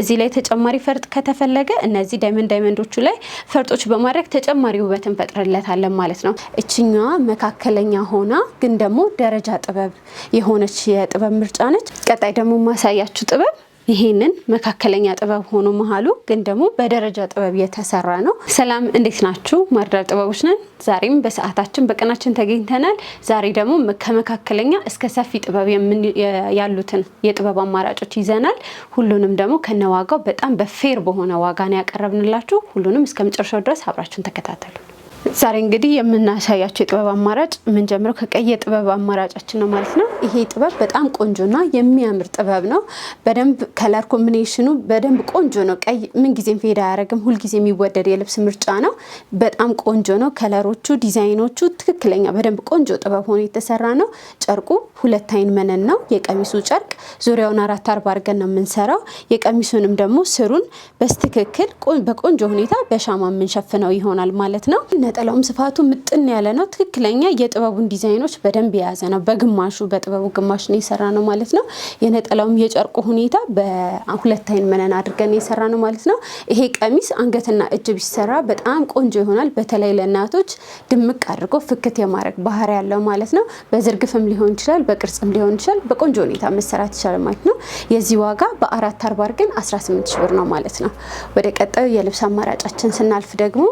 እዚህ ላይ ተጨማሪ ፈርጥ ከተፈለገ እነዚህ ዳይመንድ ዳይመንዶቹ ላይ ፈርጦች በማድረግ ተጨማሪ ውበት እንፈጥርለታለን ማለት ነው። እችኛዋ መካከለኛ ሆና ግን ደግሞ ደረጃ ጥበብ የሆነች የጥበብ ምርጫ ነች። ቀጣይ ደግሞ ማሳያችሁ ጥበብ ይሄንን መካከለኛ ጥበብ ሆኖ መሀሉ ግን ደግሞ በደረጃ ጥበብ የተሰራ ነው። ሰላም እንዴት ናችሁ? ማርዳር ጥበቦች ነን። ዛሬም በሰዓታችን በቀናችን ተገኝተናል። ዛሬ ደግሞ ከመካከለኛ እስከ ሰፊ ጥበብ ያሉትን የጥበብ አማራጮች ይዘናል። ሁሉንም ደግሞ ከነዋጋው በጣም በፌር በሆነ ዋጋ ነው ያቀረብንላችሁ። ሁሉንም እስከ መጨረሻው ድረስ አብራችሁን ተከታተሉ። ዛሬ እንግዲህ የምናሳያቸው የጥበብ አማራጭ የምንጀምረው ከቀይ የጥበብ አማራጫችን ነው ማለት ነው። ይሄ ጥበብ በጣም ቆንጆና የሚያምር ጥበብ ነው። በደንብ ከለር ኮምቢኔሽኑ በደንብ ቆንጆ ነው። ቀይ ምንጊዜም ፌዳ አያደርግም። ሁልጊዜ የሚወደድ የልብስ ምርጫ ነው። በጣም ቆንጆ ነው። ከለሮቹ፣ ዲዛይኖቹ ትክክለኛ በደንብ ቆንጆ ጥበብ ሆኖ የተሰራ ነው። ጨርቁ ሁለት አይን መነን ነው የቀሚሱ ጨርቅ። ዙሪያውን አራት አርባ አድርገን ነው የምንሰራው። የቀሚሱንም ደግሞ ስሩን በስትክክል በቆንጆ ሁኔታ በሻማ የምንሸፍነው ይሆናል ማለት ነው። ነጠላውም ስፋቱ ምጥን ያለ ነው። ትክክለኛ የጥበቡን ዲዛይኖች በደንብ የያዘ ነው። በግማሹ በጥበቡ ግማሽ ነው የሰራ ነው ማለት ነው። የነጠላውም የጨርቁ ሁኔታ በሁለት አይን መነን አድርገን የሰራ ነው ማለት ነው። ይሄ ቀሚስ አንገትና እጅ ቢሰራ በጣም ቆንጆ ይሆናል። በተለይ ለእናቶች ድምቅ አድርጎ ፍክት የማድረግ ባህሪ ያለው ማለት ነው። በዝርግፍም ሊሆን ይችላል፣ በቅርጽም ሊሆን ይችላል። በቆንጆ ሁኔታ መሰራት ይችላል ማለት ነው። የዚህ ዋጋ በአራት አርባ ግን 18 ሺህ ብር ነው ማለት ነው። ወደ ቀጣዩ የልብስ አማራጫችን ስናልፍ ደግሞ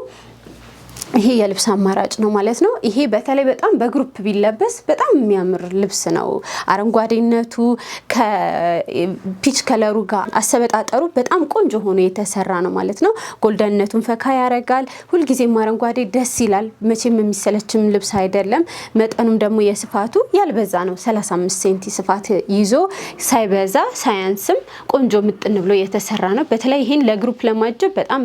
ይሄ የልብስ አማራጭ ነው ማለት ነው። ይሄ በተለይ በጣም በግሩፕ ቢለበስ በጣም የሚያምር ልብስ ነው። አረንጓዴነቱ ከፒች ከለሩ ጋር አሰበጣጠሩ በጣም ቆንጆ ሆኖ የተሰራ ነው ማለት ነው። ጎልደንነቱን ፈካ ያረጋል። ሁልጊዜም አረንጓዴ ደስ ይላል። መቼም የሚሰለችም ልብስ አይደለም። መጠኑም ደግሞ የስፋቱ ያልበዛ ነው። 35 ሴንቲ ስፋት ይዞ ሳይበዛ ሳያንስም ቆንጆ ምጥን ብሎ የተሰራ ነው። በተለይ ይህን ለግሩፕ ለማጀብ በጣም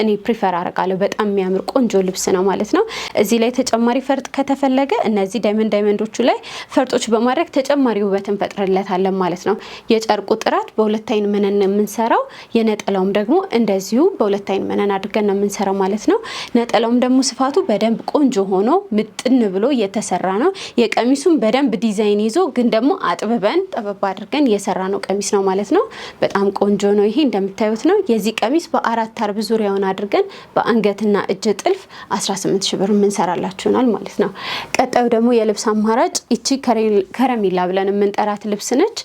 እኔ ፕሪፈር አረጋለሁ። በጣም የሚያምር ቆንጆ ልብስ ነው ማለት ነው። እዚህ ላይ ተጨማሪ ፈርጥ ከተፈለገ እነዚህ ዳይመንድ ዳይመንዶቹ ላይ ፈርጦች በማድረግ ተጨማሪ ውበት እንፈጥርለታለን ማለት ነው። የጨርቁ ጥራት በሁለት አይን መነን ነው የምንሰራው። የነጠላውም ደግሞ እንደዚሁ በሁለት አይን መነን አድርገን ነው የምንሰራው ማለት ነው። ነጠላውም ደግሞ ስፋቱ በደንብ ቆንጆ ሆኖ ምጥን ብሎ የተሰራ ነው። የቀሚሱም በደንብ ዲዛይን ይዞ ግን ደግሞ አጥብበን ጠበብ አድርገን የሰራ ነው ቀሚስ ነው ማለት ነው። በጣም ቆንጆ ነው። ይሄ እንደምታዩት ነው። የዚህ ቀሚስ በአራት አርብ ዙሪያ ብቻውን አድርገን በአንገትና እጅ ጥልፍ 18 ሺ ብር የምንሰራላችሁናል ማለት ነው። ቀጣዩ ደግሞ የልብስ አማራጭ ይቺ ከረሚላ ብለን የምንጠራት ልብስ ነች።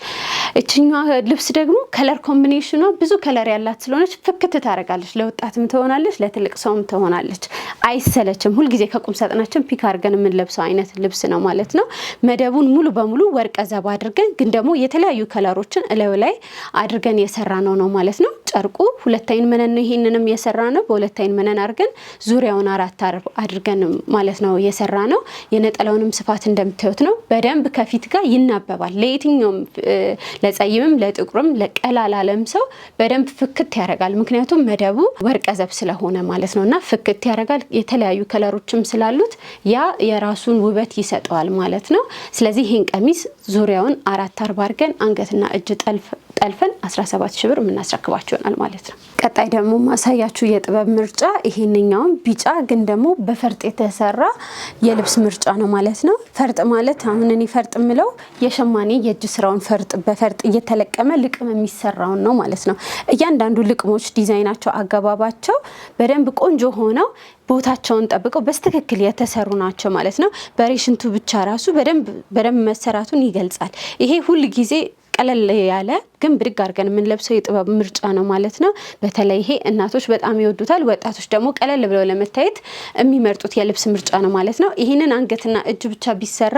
እችኛ ልብስ ደግሞ ከለር ኮምቢኔሽኗ ብዙ ከለር ያላት ስለሆነች ፍክት ታደርጋለች። ለወጣትም ትሆናለች፣ ለትልቅ ሰውም ትሆናለች። አይሰለችም። ሁልጊዜ ከቁም ሳጥናችን ፒክ አድርገን የምንለብሰው አይነት ልብስ ነው ማለት ነው። መደቡን ሙሉ በሙሉ ወርቀ ዘብ አድርገን ግን ደግሞ የተለያዩ ከለሮችን እላዩ ላይ አድርገን የሰራ ነው ነው ማለት ነው። ጨርቁ ሁለት አይን መነን ነው። ይሄንንም የሰራ ነው በሁለት አይን መነን አድርገን ዙሪያውን አራት አድርገን ማለት ነው የሰራ ነው። የነጠላውንም ስፋት እንደምታዩት ነው። በደንብ ከፊት ጋር ይናበባል ለየትኛውም ለጸይምም ለጥቁርም ለቀላላለም ሰው በደንብ ፍክት ያደርጋል። ምክንያቱም መደቡ ወርቀዘብ ስለሆነ ማለት ነው እና ፍክት ያደርጋል። የተለያዩ ከለሮችም ስላሉት ያ የራሱን ውበት ይሰጠዋል ማለት ነው። ስለዚህ ይህን ቀሚስ ዙሪያውን አራት አርባ አድርገን አንገትና እጅ ጠልፍ ጠልፈን 17 ሺህ ብር የምናስረክባቸው ይሆናል ማለት ነው። ቀጣይ ደግሞ ማሳያችሁ የጥበብ ምርጫ ይሄንኛውን ቢጫ ግን ደግሞ በፈርጥ የተሰራ የልብስ ምርጫ ነው ማለት ነው። ፈርጥ ማለት አሁን እኔ ፈርጥ የምለው የሸማኔ የእጅ ስራውን ፈርጥ በፈርጥ እየተለቀመ ልቅም የሚሰራውን ነው ማለት ነው። እያንዳንዱ ልቅሞች ዲዛይናቸው፣ አገባባቸው በደንብ ቆንጆ ሆነው ቦታቸውን ጠብቀው በስትክክል የተሰሩ ናቸው ማለት ነው። በሬሽንቱ ብቻ ራሱ በደንብ መሰራቱን ይገልጻል። ይሄ ሁል ጊዜ ቀለል ያለ ግን ብድግ አድርገን የምንለብሰው የጥበብ ምርጫ ነው ማለት ነው። በተለይ ይሄ እናቶች በጣም ይወዱታል። ወጣቶች ደግሞ ቀለል ብለው ለመታየት የሚመርጡት የልብስ ምርጫ ነው ማለት ነው። ይህንን አንገትና እጅ ብቻ ቢሰራ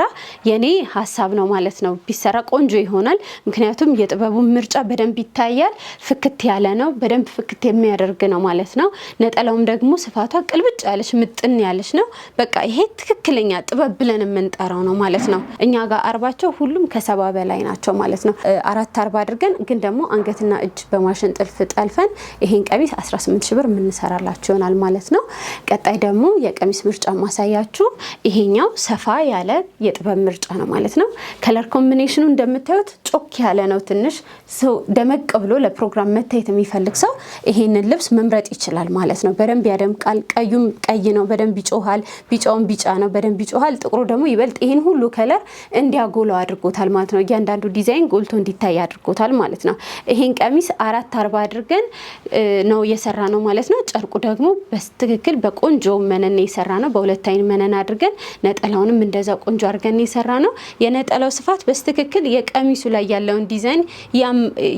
የኔ ሀሳብ ነው ማለት ነው። ቢሰራ ቆንጆ ይሆናል። ምክንያቱም የጥበቡ ምርጫ በደንብ ይታያል። ፍክት ያለ ነው፣ በደንብ ፍክት የሚያደርግ ነው ማለት ነው። ነጠላውም ደግሞ ስፋቷ ቅልብጭ ያለች ምጥን ያለች ነው። በቃ ይሄ ትክክለኛ ጥበብ ብለን የምንጠራው ነው ማለት ነው። እኛ ጋር አርባቸው ሁሉም ከሰባ በላይ ናቸው ማለት ነው። አራት አርባ አድርገን ግን ደግሞ አንገትና እጅ በማሽን ጥልፍ ጠልፈን ይሄን ቀሚስ 18 ሺ ብር የምንሰራላችሁ ይሆናል ማለት ነው። ቀጣይ ደግሞ የቀሚስ ምርጫ ማሳያችሁ ይሄኛው ሰፋ ያለ የጥበብ ምርጫ ነው ማለት ነው። ከለር ኮምቢኔሽኑ እንደምታዩት ጮክ ያለ ነው። ትንሽ ሰው ደመቅ ብሎ ለፕሮግራም መታየት የሚፈልግ ሰው ይሄንን ልብስ መምረጥ ይችላል ማለት ነው። በደንብ ያደምቃል። ቀዩም ቀይ ነው፣ በደንብ ይጮሃል። ቢጫውም ቢጫ ነው፣ በደንብ ይጮሃል። ጥቁሩ ደግሞ ይበልጥ ይሄን ሁሉ ከለር እንዲያጎለው አድርጎታል ማለት ነው። እያንዳንዱ ዲዛይን ጎልቶ እንዲታይ አድርጎታል ማለት ነው። ይህን ቀሚስ አራት አርባ አድርገን ነው የሰራ ነው ማለት ነው። ጨርቁ ደግሞ በትክክል በቆንጆ መነን የሰራ ነው። በሁለት አይን መነን አድርገን ነጠላውንም እንደዛ ቆንጆ አድርገን የሰራ ነው። የነጠላው ስፋት በትክክል የቀሚሱ ላይ ያለውን ዲዛይን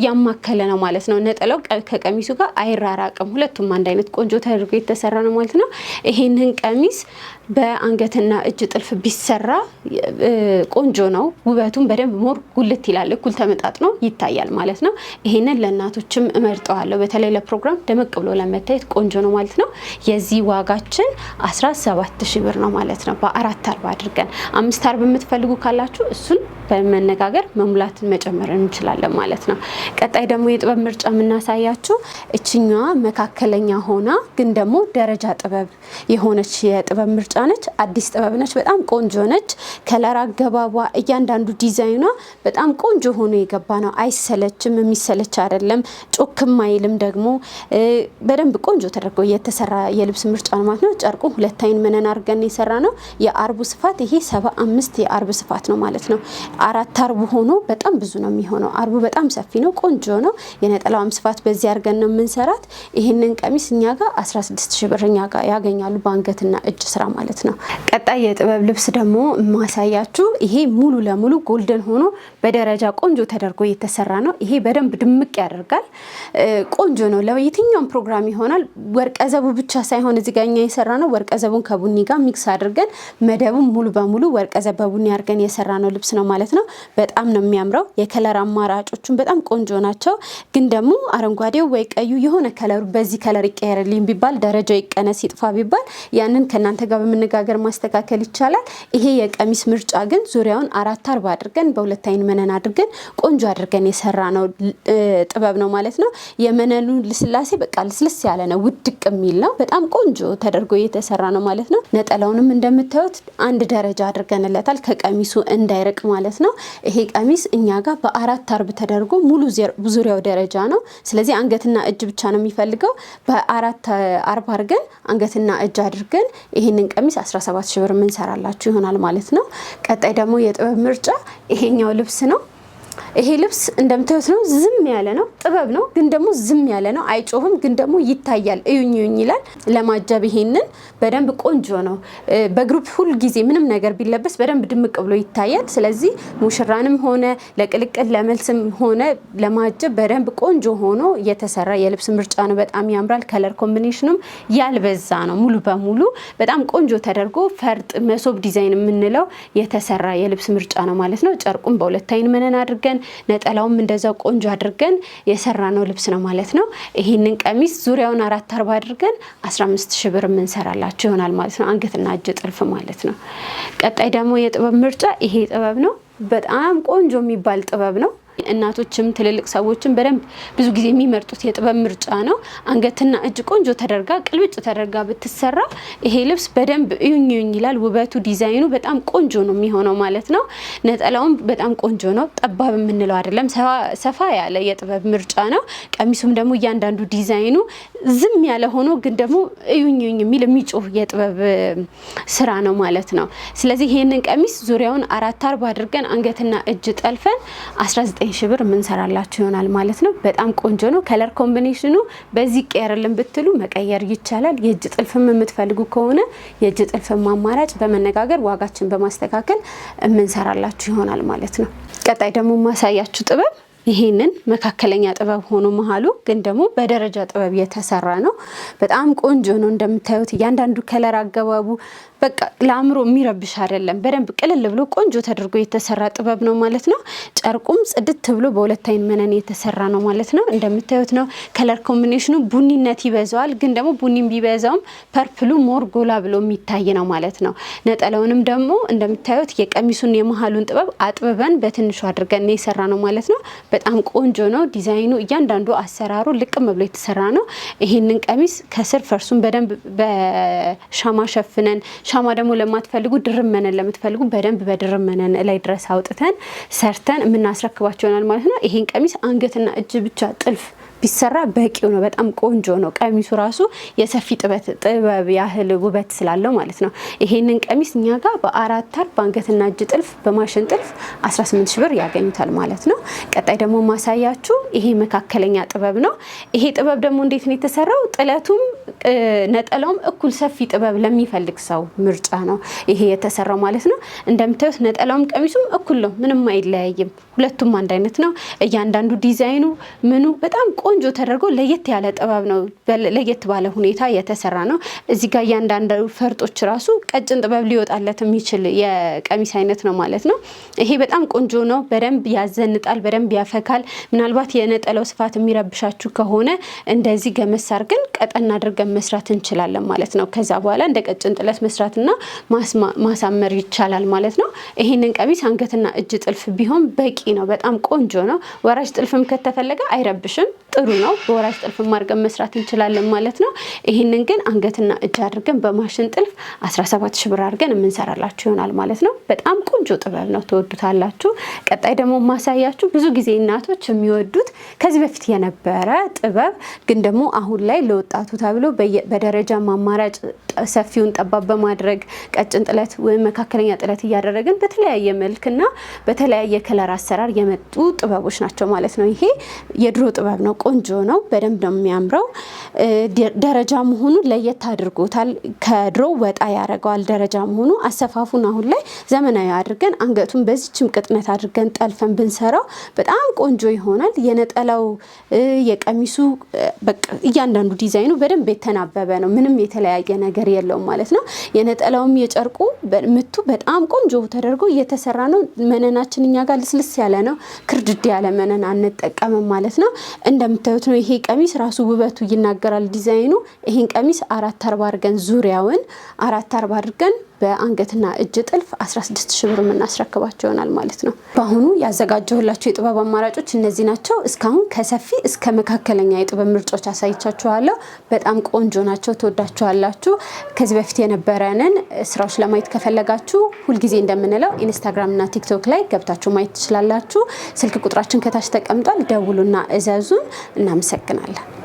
ያማከለ ነው ማለት ነው። ነጠላው ከቀሚሱ ጋር አይራራቅም። ሁለቱም አንድ አይነት ቆንጆ ተደርጎ የተሰራ ነው ማለት ነው። ይህንን ቀሚስ በአንገትና እጅ ጥልፍ ቢሰራ ቆንጆ ነው። ውበቱን በደንብ ሞር ጉልት ይላል እኩል ተመጣጥኖ ይታያል ማለት ነው። ይሄንን ለእናቶችም እመርጠዋለሁ። በተለይ ለፕሮግራም ደመቅ ብሎ ለመታየት ቆንጆ ነው ማለት ነው። የዚህ ዋጋችን 17 ሺህ ብር ነው ማለት ነው። በአራት አርባ አድርገን አምስት አርብ የምትፈልጉ ካላችሁ እሱን በመነጋገር መሙላትን መጨመር እንችላለን ማለት ነው። ቀጣይ ደግሞ የጥበብ ምርጫ የምናሳያችሁ እችኛዋ መካከለኛ ሆና ግን ደግሞ ደረጃ ጥበብ የሆነች የጥበብ ምርጫ ነች። አዲስ ጥበብ ነች። በጣም ቆንጆ ነች። ከለር አገባቧ፣ እያንዳንዱ ዲዛይኗ በጣም ቆንጆ ሆኖ የገባ ነው። አይሰለችም፣ የሚሰለች አይደለም፣ ጮክም አይልም። ደግሞ በደንብ ቆንጆ ተደርጎ የተሰራ የልብስ ምርጫ ነው ማለት ነው። ጨርቁ ሁለት አይን መነን አድርገን የሰራ ነው። የአርቡ ስፋት ይሄ ሰባ አምስት የአርብ ስፋት ነው ማለት ነው። አራት አርቡ ሆኖ በጣም ብዙ ነው የሚሆነው። አርቡ በጣም ሰፊ ነው፣ ቆንጆ ነው። የነጠላውም ስፋት በዚህ አድርገን ነው የምንሰራት። ይህንን ቀሚስ እኛ ጋር 16 ሺህ ብር እኛ ጋር ያገኛሉ፣ በአንገትና እጅ ስራ ማለት ነው። ቀጣይ የጥበብ ልብስ ደግሞ ማሳያችሁ ይሄ ሙሉ ለሙሉ ጎልደን ሆኖ በደረጃ ቆንጆ ተደርጎ የተሰራ ነው። ይሄ በደንብ ድምቅ ያደርጋል። ቆንጆ ነው፣ ለየትኛውም ፕሮግራም ይሆናል። ወርቀዘቡ ብቻ ሳይሆን እዚህ ጋር እኛ የሰራ ነው። ወርቀዘቡን ከቡኒ ጋር ሚክስ አድርገን መደቡን ሙሉ በሙሉ ወርቀዘብ በቡኒ አድርገን የሰራ ነው ልብስ ነው ማለት ማለት ነው። በጣም ነው የሚያምረው። የከለር አማራጮቹን በጣም ቆንጆ ናቸው። ግን ደግሞ አረንጓዴው ወይ ቀዩ የሆነ ከለሩ በዚህ ከለር ይቀየርልኝ ቢባል ደረጃው ይቀነስ ይጥፋ ቢባል ያንን ከእናንተ ጋር በመነጋገር ማስተካከል ይቻላል። ይሄ የቀሚስ ምርጫ ግን ዙሪያውን አራት አርባ አድርገን በሁለት አይን መነን አድርገን ቆንጆ አድርገን የሰራ ነው ጥበብ ነው ማለት ነው። የመነኑ ልስላሴ በቃ ልስልስ ያለ ነው፣ ውድቅ የሚል ነው። በጣም ቆንጆ ተደርጎ የተሰራ ነው ማለት ነው። ነጠላውንም እንደምታዩት አንድ ደረጃ አድርገንለታል ከቀሚሱ እንዳይርቅ ማለት ነው። ማለት ነው። ይሄ ቀሚስ እኛ ጋር በአራት አርብ ተደርጎ ሙሉ ዙሪያው ደረጃ ነው። ስለዚህ አንገትና እጅ ብቻ ነው የሚፈልገው። በአራት አርብ አድርገን አንገትና እጅ አድርገን ይህንን ቀሚስ 17 ሺ ብር የምንሰራላችሁ ይሆናል ማለት ነው። ቀጣይ ደግሞ የጥበብ ምርጫ ይሄኛው ልብስ ነው። ይሄ ልብስ እንደምታዩት ነው። ዝም ያለ ነው፣ ጥበብ ነው፣ ግን ደግሞ ዝም ያለ ነው። አይጮህም፣ ግን ደግሞ ይታያል። እዩኝ እዩኝ ይላል። ለማጀብ ይሄንን በደንብ ቆንጆ ነው። በግሩፕ ሁል ጊዜ ምንም ነገር ቢለበስ በደንብ ድምቅ ብሎ ይታያል። ስለዚህ ሙሽራንም ሆነ ለቅልቅል ለመልስም ሆነ ለማጀብ በደንብ ቆንጆ ሆኖ የተሰራ የልብስ ምርጫ ነው። በጣም ያምራል። ከለር ኮምቢኔሽኑም ያልበዛ ነው። ሙሉ በሙሉ በጣም ቆንጆ ተደርጎ ፈርጥ መሶብ ዲዛይን የምንለው የተሰራ የልብስ ምርጫ ነው ማለት ነው። ጨርቁም በሁለት አይን መነን አድርገ አድርገን ነጠላውም እንደዛ ቆንጆ አድርገን የሰራ ነው ልብስ ነው ማለት ነው። ይህንን ቀሚስ ዙሪያውን አራት አርባ አድርገን 15 ሺ ብር የምንሰራላችሁ ይሆናል ማለት ነው። አንገትና እጅ ጥልፍ ማለት ነው። ቀጣይ ደግሞ የጥበብ ምርጫ ይሄ ጥበብ ነው። በጣም ቆንጆ የሚባል ጥበብ ነው። እናቶችም ትልልቅ ሰዎችም በደንብ ብዙ ጊዜ የሚመርጡት የጥበብ ምርጫ ነው። አንገትና እጅ ቆንጆ ተደርጋ ቅልብጭ ተደርጋ ብትሰራ ይሄ ልብስ በደንብ እዩኝ እዩኝ ይላል። ውበቱ ዲዛይኑ በጣም ቆንጆ ነው የሚሆነው ማለት ነው። ነጠላውም በጣም ቆንጆ ነው። ጠባብ የምንለው አይደለም፣ ሰፋ ያለ የጥበብ ምርጫ ነው። ቀሚሱም ደግሞ እያንዳንዱ ዲዛይኑ ዝም ያለ ሆኖ ግን ደግሞ እዩኝ የሚል የሚጮህ የጥበብ ስራ ነው ማለት ነው። ስለዚህ ይህንን ቀሚስ ዙሪያውን አራት አርብ አድርገን አንገትና እጅ ጠልፈን 19 ሺ ብር የምንሰራላችሁ ይሆናል ማለት ነው። በጣም ቆንጆ ነው። ከለር ኮምቢኔሽኑ በዚህ ቀየርልን ብትሉ መቀየር ይቻላል። የእጅ ጥልፍም የምትፈልጉ ከሆነ የእጅ ጥልፍም አማራጭ በመነጋገር ዋጋችን በማስተካከል የምንሰራላችሁ ይሆናል ማለት ነው። ቀጣይ ደግሞ ማሳያችሁ ጥበብ ይሄንን መካከለኛ ጥበብ ሆኖ መሀሉ ግን ደግሞ በደረጃ ጥበብ የተሰራ ነው። በጣም ቆንጆ ነው እንደምታዩት። እያንዳንዱ ከለር አገባቡ በቃ ለአእምሮ የሚረብሽ አይደለም። በደንብ ቅልል ብሎ ቆንጆ ተደርጎ የተሰራ ጥበብ ነው ማለት ነው። ጨርቁም ጽድት ብሎ በሁለት አይን መነን የተሰራ ነው ማለት ነው። እንደምታዩት ነው። ከለር ኮምቢኔሽኑ ቡኒነት ይበዛዋል፣ ግን ደግሞ ቡኒም ቢበዛውም ፐርፕሉ ሞር ጎላ ብሎ የሚታይ ነው ማለት ነው። ነጠላውንም ደግሞ እንደምታዩት የቀሚሱን የመሀሉን ጥበብ አጥብበን በትንሹ አድርገን የሰራ ነው ማለት ነው። በጣም ቆንጆ ነው ዲዛይኑ። እያንዳንዱ አሰራሩ ልቅም ብሎ የተሰራ ነው። ይህንን ቀሚስ ከስር ፈርሱን በደንብ በሻማ ሸፍነን፣ ሻማ ደግሞ ለማትፈልጉ ድርመነን፣ ለምትፈልጉ በደንብ በድርመነን ላይ ድረስ አውጥተን ሰርተን የምናስረክባቸው ይሆናል ማለት ነው። ይህን ቀሚስ አንገትና እጅ ብቻ ጥልፍ ቢሰራ በቂው ነው። በጣም ቆንጆ ነው። ቀሚሱ ራሱ የሰፊ ጥበት ጥበብ ያህል ውበት ስላለው ማለት ነው። ይሄንን ቀሚስ እኛ ጋር በአራት ታር በአንገትና እጅ ጥልፍ በማሽን ጥልፍ 18 ብር ያገኙታል ማለት ነው። ቀጣይ ደግሞ ማሳያችሁ ይሄ መካከለኛ ጥበብ ነው። ይሄ ጥበብ ደግሞ እንዴት ነው የተሰራው? ጥለቱም ነጠላውም እኩል ሰፊ ጥበብ ለሚፈልግ ሰው ምርጫ ነው ይሄ የተሰራው ማለት ነው። እንደምታዩት ነጠላውም ቀሚሱም እኩል ነው። ምንም አይለያይም። ሁለቱም አንድ አይነት ነው። እያንዳንዱ ዲዛይኑ ምኑ በጣም ቆንጆ ተደርጎ ለየት ያለ ጥበብ ነው። ለየት ባለ ሁኔታ የተሰራ ነው። እዚህ ጋር እያንዳንዱ ፈርጦች ራሱ ቀጭን ጥበብ ሊወጣለት የሚችል የቀሚስ አይነት ነው ማለት ነው። ይሄ በጣም ቆንጆ ነው። በደንብ ያዘንጣል፣ በደንብ ያፈካል። ምናልባት የነጠለው ስፋት የሚረብሻችሁ ከሆነ እንደዚህ ገመሳር ግን ቀጠን አድርገን መስራት እንችላለን ማለት ነው። ከዛ በኋላ እንደ ቀጭን ጥለት መስራትና ማሳመር ይቻላል ማለት ነው። ይህንን ቀሚስ አንገትና እጅ ጥልፍ ቢሆን በቂ ነው። በጣም ቆንጆ ነው። ወራጅ ጥልፍም ከተፈለገ አይረብሽም። ጥሩ ነው። በወራጅ ጥልፍ ማድርገን መስራት እንችላለን ማለት ነው። ይህንን ግን አንገትና እጅ አድርገን በማሽን ጥልፍ 17 ሺ ብር አድርገን የምንሰራላችሁ ይሆናል ማለት ነው። በጣም ቆንጆ ጥበብ ነው፣ ትወዱታላችሁ። ቀጣይ ደግሞ ማሳያችሁ ብዙ ጊዜ እናቶች የሚወዱት ከዚህ በፊት የነበረ ጥበብ ግን ደግሞ አሁን ላይ ለወጣቱ ተብሎ በደረጃ ማማራጭ ሰፊውን ጠባብ በማድረግ ቀጭን ጥለት ወይም መካከለኛ ጥለት እያደረግን በተለያየ መልክና በተለያየ ከለር አሰራር የመጡ ጥበቦች ናቸው ማለት ነው። ይሄ የድሮ ጥበብ ነው። ቆንጆ ነው። በደንብ ነው የሚያምረው። ደረጃ መሆኑ ለየት አድርጎታል። ከድሮ ወጣ ያደርገዋል ደረጃ መሆኑ። አሰፋፉን አሁን ላይ ዘመናዊ አድርገን አንገቱን በዚችም ቅጥነት አድርገን ጠልፈን ብንሰራው በጣም ቆንጆ ይሆናል። የነጠላው የቀሚሱ እያንዳንዱ ዲዛይኑ በደንብ የተናበበ ነው። ምንም የተለያየ ነገር የለውም ማለት ነው። የነጠላውም የጨርቁ ምቱ በጣም ቆንጆ ተደርጎ እየተሰራ ነው። መነናችን እኛ ጋር ልስልስ ያለ ነው። ክርድድ ያለ መነን አንጠቀምም ማለት ነው እንደ እንደምታዩት ነው። ይሄ ቀሚስ ራሱ ውበቱ ይናገራል ዲዛይኑ። ይሄን ቀሚስ አራት አርባ አድርገን ዙሪያውን አራት አርባ አድርገን በአንገትና እጅ ጥልፍ 16 ሺ ብር የምናስረክባቸው ይሆናል ማለት ነው። በአሁኑ ያዘጋጀሁላቸው የጥበብ አማራጮች እነዚህ ናቸው። እስካሁን ከሰፊ እስከ መካከለኛ የጥበብ ምርጫዎች አሳይቻችኋለሁ። በጣም ቆንጆ ናቸው፣ ትወዳችኋላችሁ። ከዚህ በፊት የነበረንን ስራዎች ለማየት ከፈለጋችሁ ሁልጊዜ እንደምንለው ኢንስታግራምና ቲክቶክ ላይ ገብታችሁ ማየት ትችላላችሁ። ስልክ ቁጥራችን ከታች ተቀምጧል። ደውሉና እዘዙን። እናመሰግናለን።